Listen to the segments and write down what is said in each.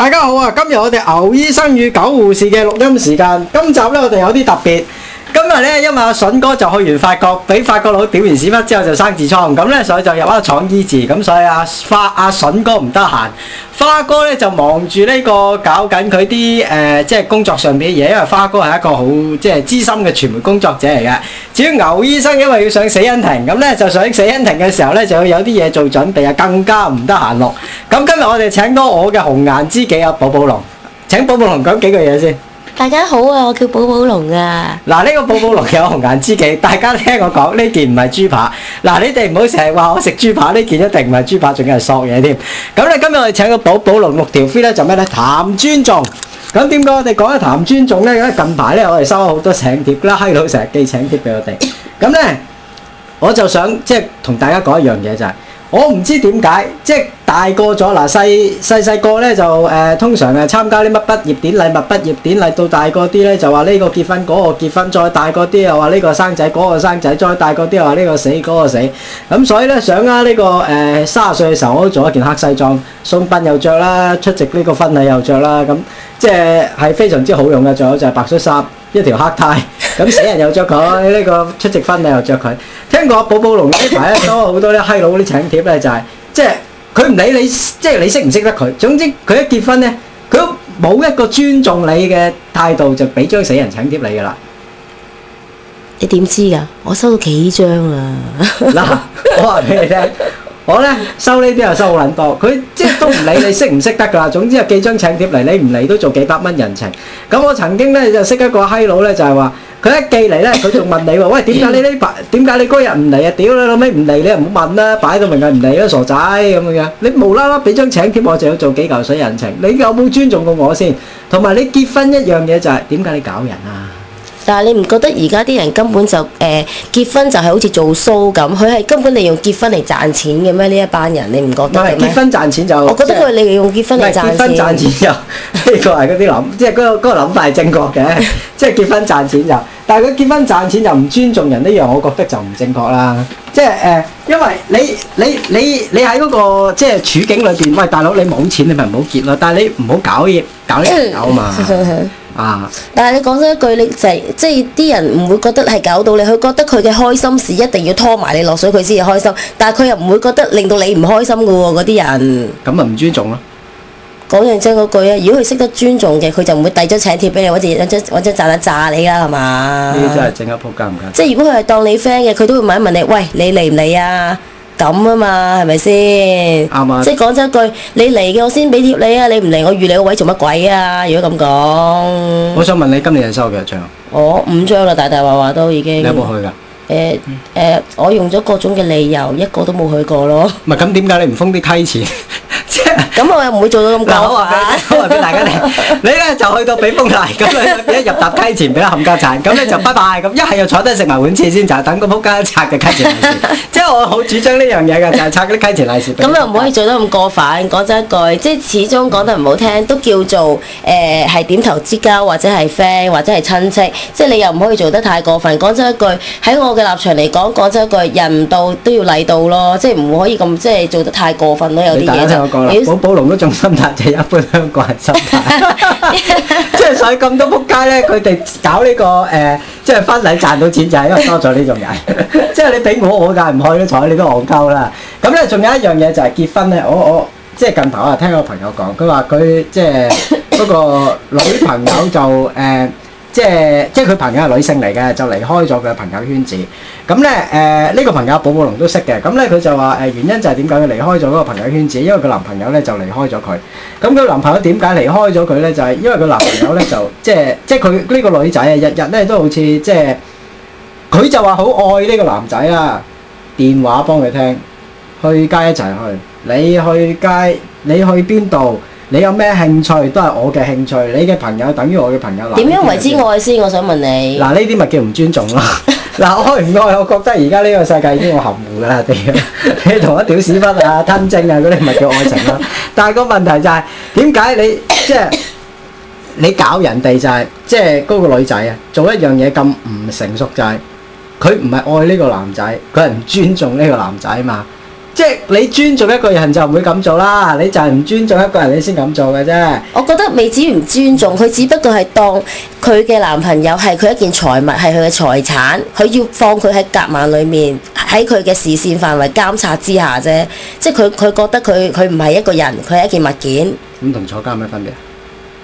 大家好啊！今日我哋牛醫生與狗護士嘅錄音時間，今集呢，我哋有啲特別。今日咧，因為阿筍哥就去完法國，俾法國佬屌完屎忽之後就生痔瘡，咁咧所以就入啊廠醫治，咁所以阿花阿筍哥唔得閒，花哥咧就忙住呢、這個搞緊佢啲誒即係工作上邊嘅嘢，因為花哥係一個好即係資深嘅傳媒工作者嚟嘅。至於牛醫生，因為要上死因庭，咁咧就上死因庭嘅時候咧就要有啲嘢做準備啊，更加唔得閒咯。咁今日我哋請多我嘅紅顏知己阿寶寶龍，請寶寶龍講幾句嘢先。大家好啊！我叫寶寶龍啊。嗱，呢個寶寶龍有紅顏知己， 大家聽我講，呢件唔係豬扒。嗱、啊，你哋唔好成日話我食豬扒，呢件一定唔係豬扒，仲要係索嘢添。咁咧，今日我哋請個寶寶龍，六條飛咧就咩咧？談尊重。咁點解我哋講一談尊重咧？因為近排咧我哋收咗好多請帖啦，閪佬成日寄請帖俾我哋。咁咧， 我就想即係同大家講一樣嘢就係、是。我唔知點解，即係大個咗嗱，細細細個咧就誒，通常誒參加啲乜畢業典禮、物畢業典禮，到大個啲咧就話呢個結婚，嗰個結婚，再大個啲又話呢個生仔，嗰個生仔，再大個啲又話呢個死，嗰個死。咁所以咧，想啊呢個誒，卅歲嘅時候我都做一件黑西裝，送殯又著啦，出席呢個婚禮又著啦，咁即係係非常之好用嘅。仲有就係白恤衫，一條黑呔。咁死人又着佢，呢個出席婚禮又着佢。聽過寶寶龍呢排咧多好多咧？閪佬啲請帖咧就係即係佢唔理你，即係你識唔識得佢。總之佢一結婚咧，佢都冇一個尊重你嘅態度，就俾張死人請帖你噶啦。你點知噶？我收到幾張啊？嗱 我話俾你聽，我咧收呢啲又收好撚多。佢即係都唔理你識唔識得噶啦。總之有寄張請帖嚟，你唔嚟都做幾百蚊人情。咁我曾經咧就識一個閪佬咧，就係話。佢一寄嚟咧，佢仲問你話：喂，點解你呢排？點解你嗰日唔嚟啊？屌你老味唔嚟，你又唔好問啦，擺到明係唔嚟啦，傻仔咁樣。你無啦啦俾張請帖，我就要做幾嚿水人情，你有冇尊重過我先？同埋你結婚一樣嘢就係，點解你搞人啊？嗱，但你唔覺得而家啲人根本就誒、呃、結婚就係好似做 show 咁，佢係根本利用結婚嚟賺錢嘅咩？呢一班人你唔覺得？唔係結婚賺錢就，我覺得佢利用結婚嚟賺錢。唔係結婚賺錢就呢 個係嗰啲諗，即係嗰個嗰個諗法係正確嘅，即係結婚賺錢就。但係佢結婚賺錢就唔尊重人呢樣，我覺得就唔正確啦。即係誒，因為你你你你喺嗰個即係處境裏邊，喂，大佬你冇錢，你咪唔好結咯。但係你唔好搞嘢，搞嘢搞嘢嘛。 啊！但係你講真一句，你就係、是、即係啲人唔會覺得係搞到你，佢覺得佢嘅開心事一定要拖埋你落水佢先至開心，但係佢又唔會覺得令到你唔開心噶喎，嗰啲人。咁咪唔尊重咯？講認真嗰句啊，如果佢識得尊重嘅，佢就唔會遞張請帖俾你，或者或者炸一炸你啦，係嘛？呢啲真係整一鋪，加唔加？即係如果佢係當你 friend 嘅，佢都會問一問你，喂，你嚟唔嚟啊？咁啊嘛，係咪先？啱即係講咗一句，你嚟嘅我先俾帖你啊！你唔嚟，我預你個位做乜鬼啊？如果咁講，我想問你今年係收幾多張？我、哦、五張啦，大大話話都已經。你有冇去㗎？誒誒、呃呃，我用咗各種嘅理由，一個都冇去過咯。唔係咁點解你唔封啲梯錢？ 咁我又唔會做到咁久啊！我話俾大家聽，你咧就去到俾封泥，咁咧一入搭梯前俾一冚家鏟，咁咧就拜拜，咁一係又坐低食埋碗次先，就等個仆街拆嘅梯前。即係我好主張呢樣嘢㗎，就係拆嗰啲梯前泥時。咁又唔可以做得咁過分，講真一句，即係始終講得唔好聽，都叫做誒係點頭之交，或者係 friend，或者係親戚，即係你又唔可以做得太過分。講真一句，喺我嘅立場嚟講，講真一句，人到都要禮到咯，即係唔可以咁即係做得太過分咯，有啲嘢寶寶龍嗰種心態就係一般香港人心態，即係所以咁多撲街咧，佢哋搞呢、這個誒，即、呃、係、就是、婚禮賺到錢就係因為多咗呢種人，即 係你俾我，我介唔開啲彩，你都戇鳩啦。咁咧，仲有一樣嘢就係、是、結婚咧，我我即係、就是、近排，啊，聽個朋友講，佢話佢即係嗰個女朋友就誒。呃即係即係佢朋友係女性嚟嘅，就離開咗佢嘅朋友圈子。咁咧，誒、呃、呢、這個朋友寶寶龍都識嘅。咁咧，佢就話誒，原因就係點解佢離開咗嗰個朋友圈子？因為佢男朋友咧就離開咗佢。咁佢男朋友點解離開咗佢咧？就係、是、因為佢男朋友咧就即係即係佢呢個女仔啊，日日咧都好似即係，佢就話好愛呢個男仔啊，電話幫佢聽，去街一齊去，你去街你去邊度？你有咩興趣都係我嘅興趣，你嘅朋友等於我嘅朋友。點樣為之愛先？我想問你。嗱，呢啲咪叫唔尊重咯？嗱， 愛唔愛？我覺得而家呢個世界已經好含糊㗎啦。屌， 你同一條屎忽啊、吞精啊嗰啲咪叫愛情咯？ 但係個問題就係點解你即係、就係、你搞人哋就係即係嗰個女仔啊？做一樣嘢咁唔成熟就係佢唔係愛呢個男仔，佢係唔尊重呢個男仔嘛？即你尊重一個人就唔會咁做啦，你就係唔尊重一個人你先咁做嘅啫。我覺得未至於唔尊重，佢只不過係當佢嘅男朋友係佢一件財物，係佢嘅財產，佢要放佢喺夾萬裡面喺佢嘅視線範圍監察之下啫。即係佢佢覺得佢佢唔係一個人，佢係一件物件。咁同坐監有咩分別？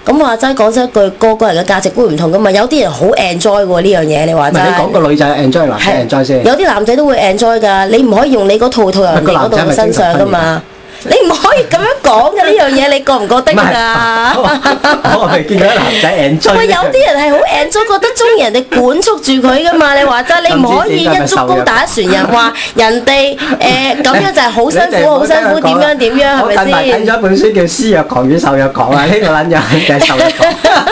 咁話齋講真一句，個個人嘅價值觀唔同噶嘛，有啲人好 enjoy 喎呢樣嘢，你話齋。唔係，你講個女仔 enjoy 啦，enjoy 先。有啲男仔都會 enjoy 噶，你唔可以用你嗰套你套入邊嗰度人身上噶嘛。你唔可以咁樣講嘅呢樣嘢， 你覺唔覺得啊？我係見到男仔 enjoy。喂，有啲人係好 enjoy，覺得中意人哋管束住佢噶嘛。你話齋，你唔可以一竹篙打一船人，話人哋誒咁樣就係好辛苦、好 辛苦點樣點樣，點 樣點樣係咪先？我近排寫咗本書叫《施虐狂與受虐狂》啊，呢 個撚人係受虐狂。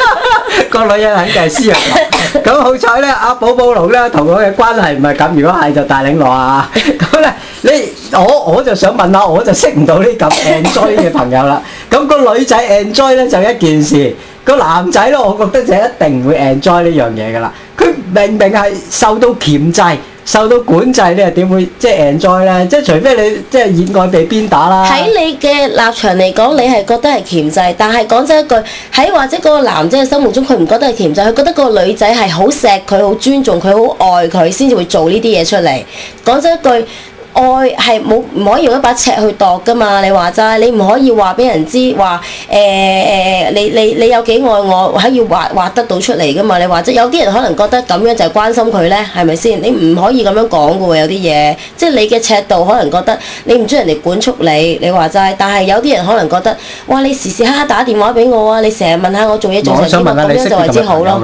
個女人肯定係私人，咁好彩咧，阿寶寶龍咧同佢嘅關係唔係咁，如果係就大嶺羅啊，咁 咧你我我就想問下，我就識唔到呢咁 enjoy 嘅朋友啦，咁、個女仔 enjoy 咧就一件事，個男仔咯，我覺得就一定唔會 enjoy 呢樣嘢㗎啦，佢明明係受到鉗制。受到管制，你又點會即係 enjoy 咧？即係除非你即係熱愛被鞭打啦。喺你嘅立場嚟講，你係覺得係鉗制，但係講真一句，喺或者嗰個男仔嘅心目中，佢唔覺得係鉗制，佢覺得嗰個女仔係好錫佢、好尊重佢、好愛佢，先至會做呢啲嘢出嚟。講真一句。愛係冇唔可以用一把尺去度㗎嘛？你話齋，你唔可以話俾人知話誒誒，你你你有幾愛我，我可以畫畫得到出嚟㗎嘛？你話齋，有啲人可能覺得咁樣就係關心佢咧，係咪先？你唔可以咁樣講嘅喎，有啲嘢，即係你嘅尺度可能覺得你唔中意人哋管束你，你話齋。但係有啲人可能覺得，哇！你時時刻刻打電話俾我啊，你成日問下我做嘢做成點，咁樣就為之好咯。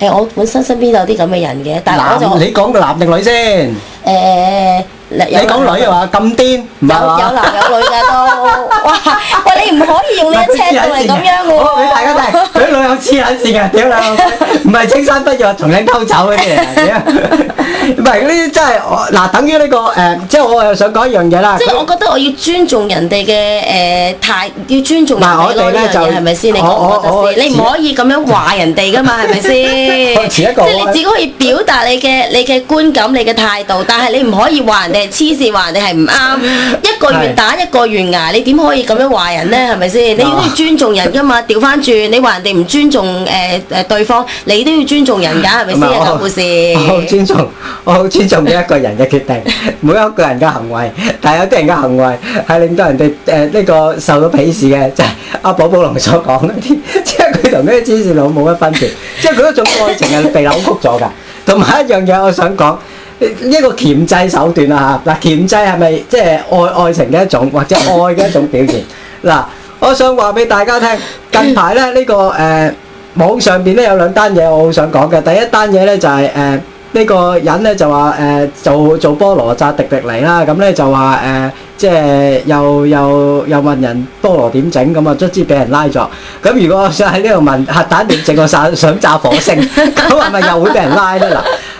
誒、欸，我本身身邊有啲咁嘅人嘅，但係我就你講個男定女先？誒、欸。你講女係嘛？咁癲唔係嘛？有有男有女㗎都，哇！喂，你唔可以用呢一車都係咁樣噶喎！俾大家睇，俾老友黐眼線嘅，屌你老母！唔係青山不著，從影偷走嗰啲嚟，唔係嗰啲真係，嗱，等於呢個誒，即係我又想講一樣嘢啦。即係我覺得我要尊重人哋嘅誒態，要尊重人哋嗰樣嘢，係咪先？你講我，你唔可以咁樣話人哋噶嘛？係咪先？即係你自己可以表達你嘅你嘅觀感、你嘅態度，但係你唔可以話人哋。黐線話你係唔啱，一個願打是 一個願挨，你點可以咁樣話人呢？係咪先？ 你都要尊重人噶嘛？調翻轉，你話人哋唔尊重誒誒對方，你都要尊重人㗎，係咪先？阿護士，我好尊重，我好尊重每一個人嘅決定，每一個人嘅行為。但係有啲人嘅行為係令到人哋誒呢個受到鄙視嘅，就係、是、阿寶寶龍所講嗰啲，即係佢同呢啲黐線佬冇乜分別，即係佢嗰種愛情係被扭曲咗㗎。同埋一樣嘢，我想講。呢個鉗制手段啊，嚇，嗱，鉗制係咪即係愛愛情嘅一種，或者愛嘅一種表現？嗱， 我想話俾大家聽，近排咧呢個誒、呃、網上邊咧有兩單嘢我好想講嘅，第一單嘢咧就係誒呢個人咧就話誒、呃、做做菠蘿扎迪迪尼啦，咁咧就話誒。呃即係又又又問人菠蘿點整咁啊？卒之俾人拉咗。咁如果我想喺呢度問核彈點整，我想想炸火星，咁係咪又會俾人拉咧？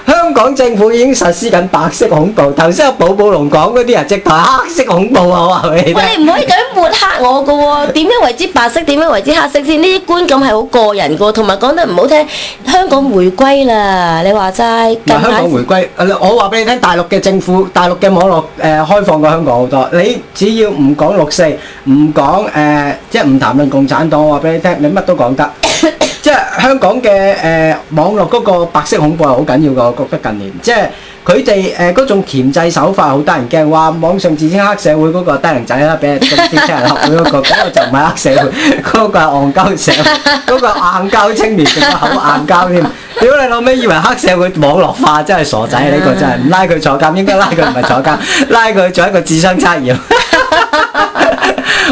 嗱，香港政府已經實施緊白色恐怖。頭先阿寶寶龍講嗰啲人，直頭黑色恐怖啊！我話你，喂，你唔可以咁抹黑我嘅喎。點樣為之白色？點樣為之黑色先？呢啲觀感係好個人嘅，同埋講得唔好聽，香港回歸啦，你話齋。嗱，香港回歸，我話俾你聽，大陸嘅政府、大陸嘅網絡誒開放過香港好多。你只要唔講六四，唔講誒，即係唔談論共產黨，我話俾你聽，你乜都講得。即係、 即係、香港嘅誒、呃、網絡嗰個白色恐怖係好緊要㗎，我覺得近年即係。即係佢哋誒嗰種鉗制手法好得人驚，話網上自稱黑社會嗰個低能仔啦，俾人啲啲人黑佢嗰個，嗰、那個就唔係黑社會，嗰、那個係戇鳩社會，嗰、那個硬膠青年仲加口硬膠添。屌你老尾，以為黑社會網絡化真係傻仔呢、這個真係，唔拉佢坐監應該拉佢唔係坐監，拉佢做一個智商測驗。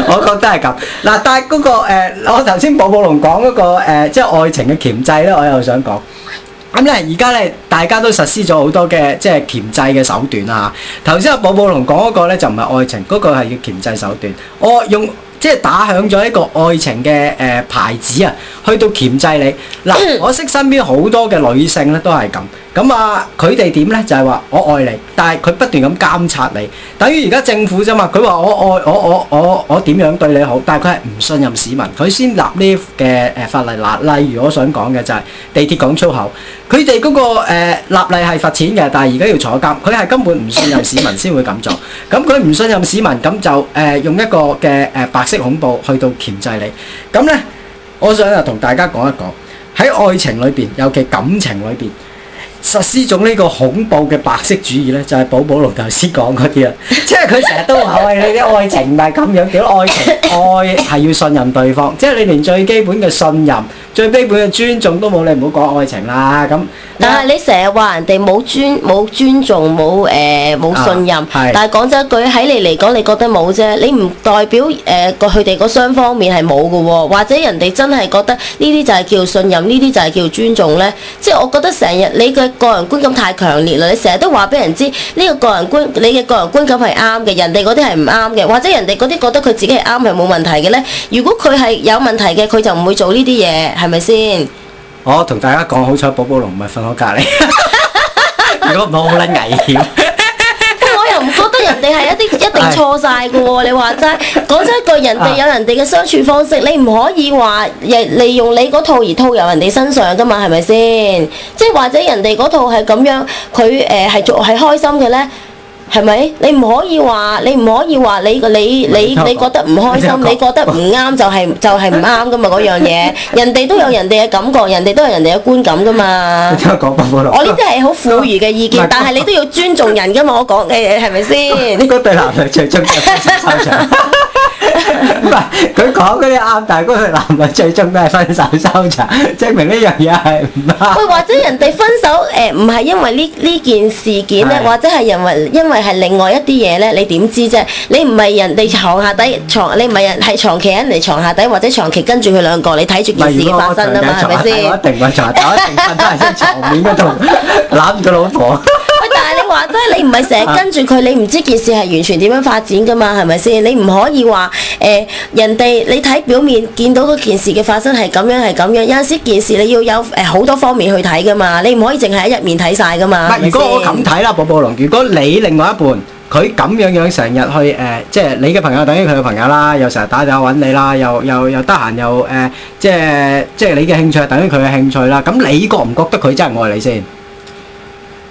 我覺得係咁嗱，但係、那、嗰個、呃、我頭先寶寶龍講嗰、那個、呃、即係愛情嘅鉗制咧，我又想講。咁咧，而家咧，大家都實施咗好多嘅即係鉗制嘅手段啦嚇。頭先阿寶寶龍講嗰個咧就唔係愛情，嗰、嗰個係要鉗制手段，我用即係打響咗一個愛情嘅誒牌子啊，去到鉗制你嗱，我識身邊好多嘅女性咧都係咁。咁啊，佢哋點咧？就係話我愛你，但係佢不斷咁監察你，等於而家政府啫嘛。佢話我愛我，我我我點樣對你好？但係佢係唔信任市民，佢先立呢嘅誒法例啦。例如我想講嘅就係地鐵講粗口，佢哋嗰個誒立例係罰錢嘅，但係而家要坐監，佢係根本唔信任市民先會咁做。咁佢唔信任市民，咁就誒用一個嘅誒白色恐怖去到鉗制你。咁咧，我想啊，同大家講一講喺愛情裏邊，尤其感情裏邊。實施咗呢個恐怖嘅白色主義咧，就係、是、寶寶羅頭先講嗰啲啊，即係佢成日都話喂 你啲愛情唔係咁樣，點愛情 愛係要信任對方，即係你連最基本嘅信任。最基本嘅尊重都冇，你唔好講愛情啦咁。但係你成日話人哋冇尊冇尊重冇誒冇信任，但係講咗一句喺你嚟講，你覺得冇啫。你唔代表誒佢哋嗰雙方面係冇嘅喎，或者人哋真係覺得呢啲就係叫信任，呢啲就係叫尊重呢。即係我覺得成日你嘅個人觀感太強烈啦，你成日都話俾人知呢個個人觀，你嘅個人觀感係啱嘅，人哋嗰啲係唔啱嘅，或者人哋嗰啲覺得佢自己係啱係冇問題嘅呢。如果佢係有問題嘅，佢就唔會做呢啲嘢。係咪先？我同大家講，好彩寶寶龍唔係瞓我隔籬，如果唔係好撚危險。 我又唔覺得人哋係一啲一定錯晒噶喎，你話齋講真一句，人哋有人哋嘅相處方式，你唔可以話利利用你嗰套而套入人哋身上噶嘛，係咪先？即係或者人哋嗰套係咁樣，佢誒係做係開心嘅咧。係咪？你唔可以話，你唔可以話，你你你你覺得唔開心，你覺得唔啱就係、是、就係唔啱噶嘛？嗰樣嘢， 人哋都有人哋嘅感， 感覺，人哋都有人哋嘅觀感噶嘛。你聽我講，我呢啲係好富裕嘅意見，說但係你都要尊重人噶嘛？我講嘅嘢係咪先？你覺得難為情就唔唔係，佢講嗰啲啱，但係嗰對男女最終都係分手收場，證明呢樣嘢係唔啱。佢或者人哋分手，誒唔係因為呢呢件事件咧，或者係因為因為係另外一啲嘢咧，你點知啫？你唔係人哋床下底床，你唔係人係長期喺人哋床下底，或者長期跟住佢兩個，你睇住件事發生啊嘛，係咪先？我一定瞓牀，我一定瞓喺牀面嗰度攬住個老婆。你唔係成日跟住佢，你唔知件事係完全點樣發展噶嘛？係咪先？你唔可以話誒、呃，人哋你睇表面見到嗰件事嘅發生係咁樣，係咁樣。有陣時件事你要有誒好多方面去睇噶嘛，你唔可以淨係喺入面睇晒噶嘛。是吧嗱，如果我咁睇啦，寶寶龍，如果你另外一半佢咁樣樣成日去誒，即、呃、係、即係、你嘅朋友等於佢嘅朋友啦，又成日打電話揾你啦，又又又得閒又誒，即係即係你嘅興趣等於佢嘅興趣啦。咁你覺唔覺得佢真係愛你先？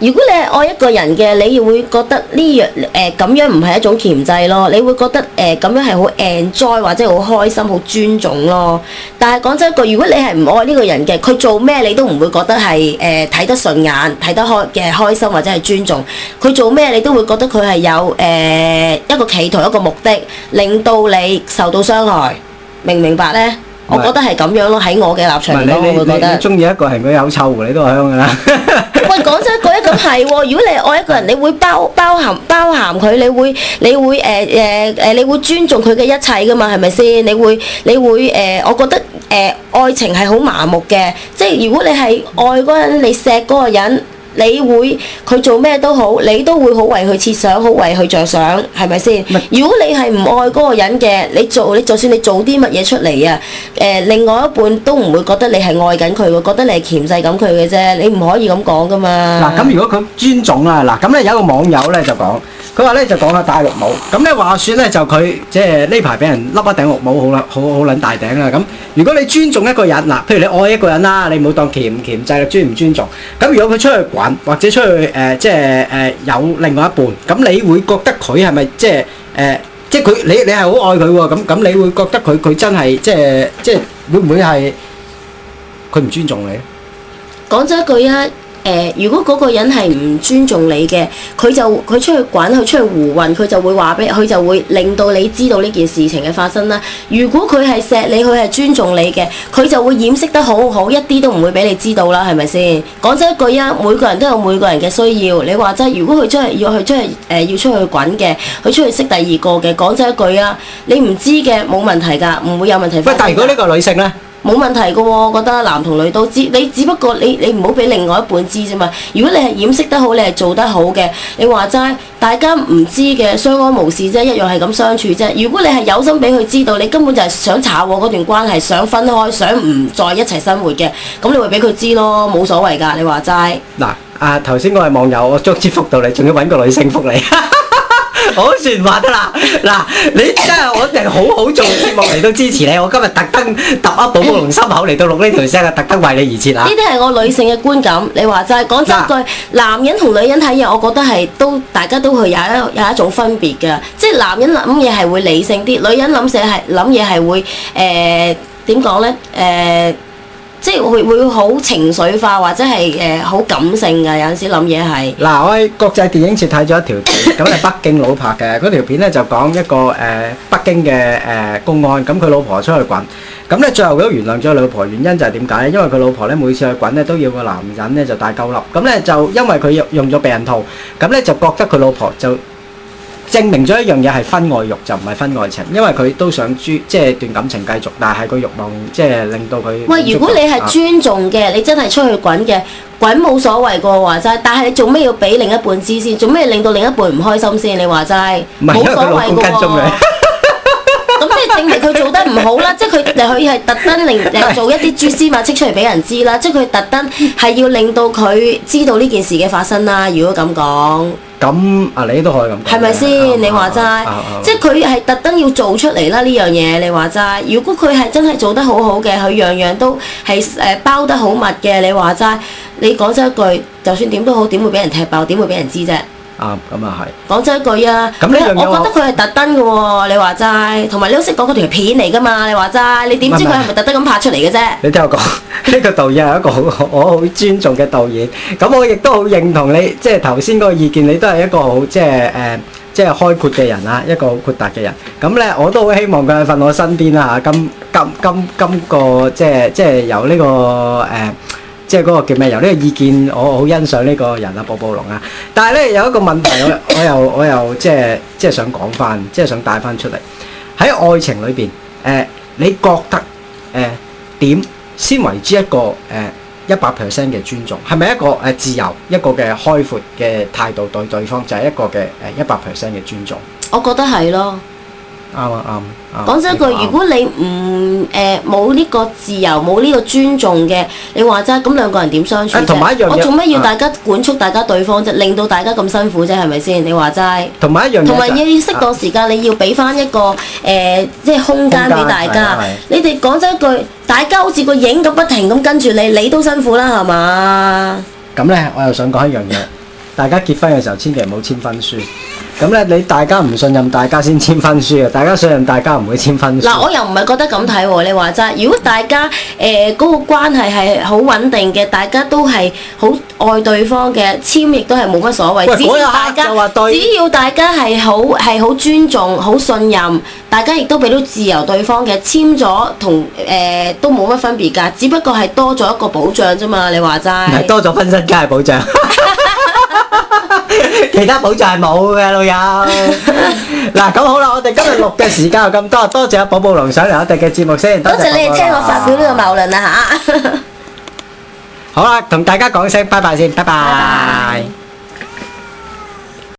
如果你係愛一個人嘅，你會覺得呢、呃、樣誒咁樣唔係一種鉗制咯，你會覺得誒咁、呃、樣係好 enjoy 或者好開心、好尊重咯。但係講真一句，如果你係唔愛呢個人嘅，佢做咩你都唔會覺得係誒睇得順眼、睇得開嘅開心或者係尊重。佢做咩你都會覺得佢係有誒、呃、一個企圖、一個目的，令到你受到傷害，明唔明白呢？我覺得係咁樣咯，喺是我嘅立場你是我會覺得中意一個係佢有臭狐？你都係香㗎啦。 喂，講真，嗰一個係，如果你愛一個人，你會包包含包含佢，你會你會誒誒誒，你會尊重佢嘅一切㗎嘛？係咪先？你會你會誒、呃？我覺得誒、呃、愛情係好麻木嘅，即係如果你係愛嗰個人，你錫嗰個人。你會佢做咩都好，你都會好為佢設想，好為佢着想，係咪先？ 如果你係唔愛嗰個人嘅，你做你就算你做啲乜嘢出嚟啊，誒、呃，另外一半都唔會覺得你係愛緊佢喎，覺得你係鉗制緊佢嘅啫，你唔可以咁講噶嘛。嗱、啊，咁如果佢尊重啊，嗱、啊，咁咧有一個網友咧就講。佢話咧就講下戴綠帽，咁咧話說咧就佢即係呢排俾人笠一頂綠帽，好啦，好好撚大頂啦！咁如果你尊重一個人嗱，譬如你愛一個人啦，你唔好當鉗唔鉗制啦，尊唔尊重？咁如果佢出去滾或者出去誒，即係誒有另外一半，咁你會覺得佢係咪即係誒？即係佢你你係好愛佢喎，咁咁你會覺得佢佢真係即係即係會唔會係佢唔尊重你咧？講咗一句啊。誒、呃，如果嗰個人係唔尊重你嘅，佢就佢出去滾，佢出去胡混，佢就會話俾，佢就會令到你知道呢件事情嘅發生啦。如果佢係錫你，佢係尊重你嘅，佢就會掩飾得好好，一啲都唔會俾你知道啦，係咪先？講真一句啊，每個人都有每個人嘅需要。你話真，如果佢真係要去出去誒要，要、呃、要出去滾嘅，佢出去識第二個嘅，講真一句啊，你唔知嘅冇問題㗎，唔會有問題發生。但如果呢個女性咧？冇問題噶喎，我覺得男同女都知，你只不過你你唔好俾另外一半知啫嘛。如果你係掩飾得好，你係做得好嘅。你話齋，大家唔知嘅相安無事啫，一樣係咁相處啫。如果你係有心俾佢知道，你根本就係想查我嗰段關係，想分開，想唔再一齊生活嘅，咁你會俾佢知咯，冇所謂噶。你話齋嗱，啊頭先我係網友，我捉之福到你，仲要揾個女性福你。 好算話得啦，嗱，你真係我哋好好做節目嚟到支持你，我今日特登揼一寶寶龍心口嚟到錄呢條聲啊，特登為你而設啊！呢啲係我女性嘅觀感，你話就係講真句，男人同女人睇嘢，我覺得係都大家都會有一有一種分別嘅，即係男人諗嘢係會理性啲，女人諗嘢係諗嘢係會誒點講咧誒？呃即係會會好情緒化或者係誒好感性嘅，有陣時諗嘢係。嗱，我喺國際電影節睇咗一條片，咁係 北京佬拍嘅。嗰條片咧就講一個誒、呃、北京嘅誒、呃、公安，咁佢老婆出去滾，咁咧最後佢都原諒咗佢老婆，原因就係點解咧？因為佢老婆咧每次去滾咧都要個男人咧就帶夠笠，咁咧就因為佢用用咗避孕套。咁咧就覺得佢老婆就。證明咗一樣嘢係婚外欲就唔係婚外情，因為佢都想專即係段感情繼續，但係個欲望即係令到佢。喂，如果你係尊重嘅，你真係出去滾嘅，滾冇所謂嘅話齋，但係你做咩要俾另一半知先？做咩令到另一半唔開心先？你話齋冇所謂嘅。咁即係證明佢做得唔好啦，即係佢你可以係特登令誒做一啲蛛絲馬跡出嚟俾人知啦，即係佢特登係要令到佢知道呢件事嘅發生啦。如果咁講。咁啊，你都可以咁講。係咪先？嗯、你話齋，嗯嗯嗯嗯、即係佢係特登要做出嚟啦呢樣嘢。嗯嗯嗯嗯、你話齋，如果佢係真係做得好好嘅，佢樣樣都係誒包得好密嘅。你話齋，你講咗一句，就算點都好，點會俾人踢爆？點會俾人知啫？啱，咁啊係。講咗一句啊，我覺得佢係特登嘅喎，你話齋。同埋你都識講嗰條片嚟噶嘛，你話齋。你點知佢係咪特登咁拍出嚟嘅啫？你聽我講，呢個導演係一個好，我好尊重嘅導演。咁我亦都好認同你，即係頭先嗰個意見，你都係一個好即係誒，即係開闊嘅人啦，一個好豁達嘅人。咁咧，我都好希望佢瞓我身邊啦嚇。今今今今個即係即係由呢個誒。即係嗰個叫咩由呢個意見，我好欣賞呢個人啊，暴暴龍啊。但係咧有一個問題，我我又我又即係即係想講翻，即係想帶翻出嚟喺愛情裏邊誒，你覺得誒點先為之一個誒一百 percent 嘅尊重？係咪一個誒自由一個嘅開闊嘅態度對對方，就係一個嘅誒一百 percent 嘅尊重？我覺得係咯。啱啊啱，講真一句，如果你唔誒冇呢個自由冇呢個尊重嘅，你話齋咁兩個人點相處啫？同埋一樣嘢我做乜要大家管束大家對方啫？嗯、令到大家咁辛苦啫？係咪先？你話齋。同埋、就是、一樣嘢。同埋要適當時間，你要俾翻一個誒即係空間俾大家。是啊、是你哋講真一句，是啊、是大家好似個影咁不停咁跟住你，你都辛苦啦，係嘛？咁咧，我又想講一樣嘢，大家結婚嘅時候千祈唔好簽婚書。咁咧，你大家唔信任，大家先簽婚書啊！大家信任，大家唔會簽婚書。嗱，我又唔係覺得咁睇喎，你話齋。如果大家誒嗰個關係係好穩定嘅，大家都係好愛對方嘅，簽亦都係冇乜所謂。只要大家，只要大家係好係好尊重、好信任，大家亦都俾到自由對方嘅，簽咗同誒都冇乜分別㗎，只不過係多咗一個保障啫嘛。你話齋，唔係多咗分身家嘅保障。 其他保障係冇嘅，老友。嗱， 咁好啦，我哋今日錄嘅時間又咁多，多謝阿寶寶龍上嚟我哋嘅節目先，多謝,寶寶多謝你聽我發表呢個謬論啦吓。好啦，同 大家講聲，拜拜先，拜拜。拜拜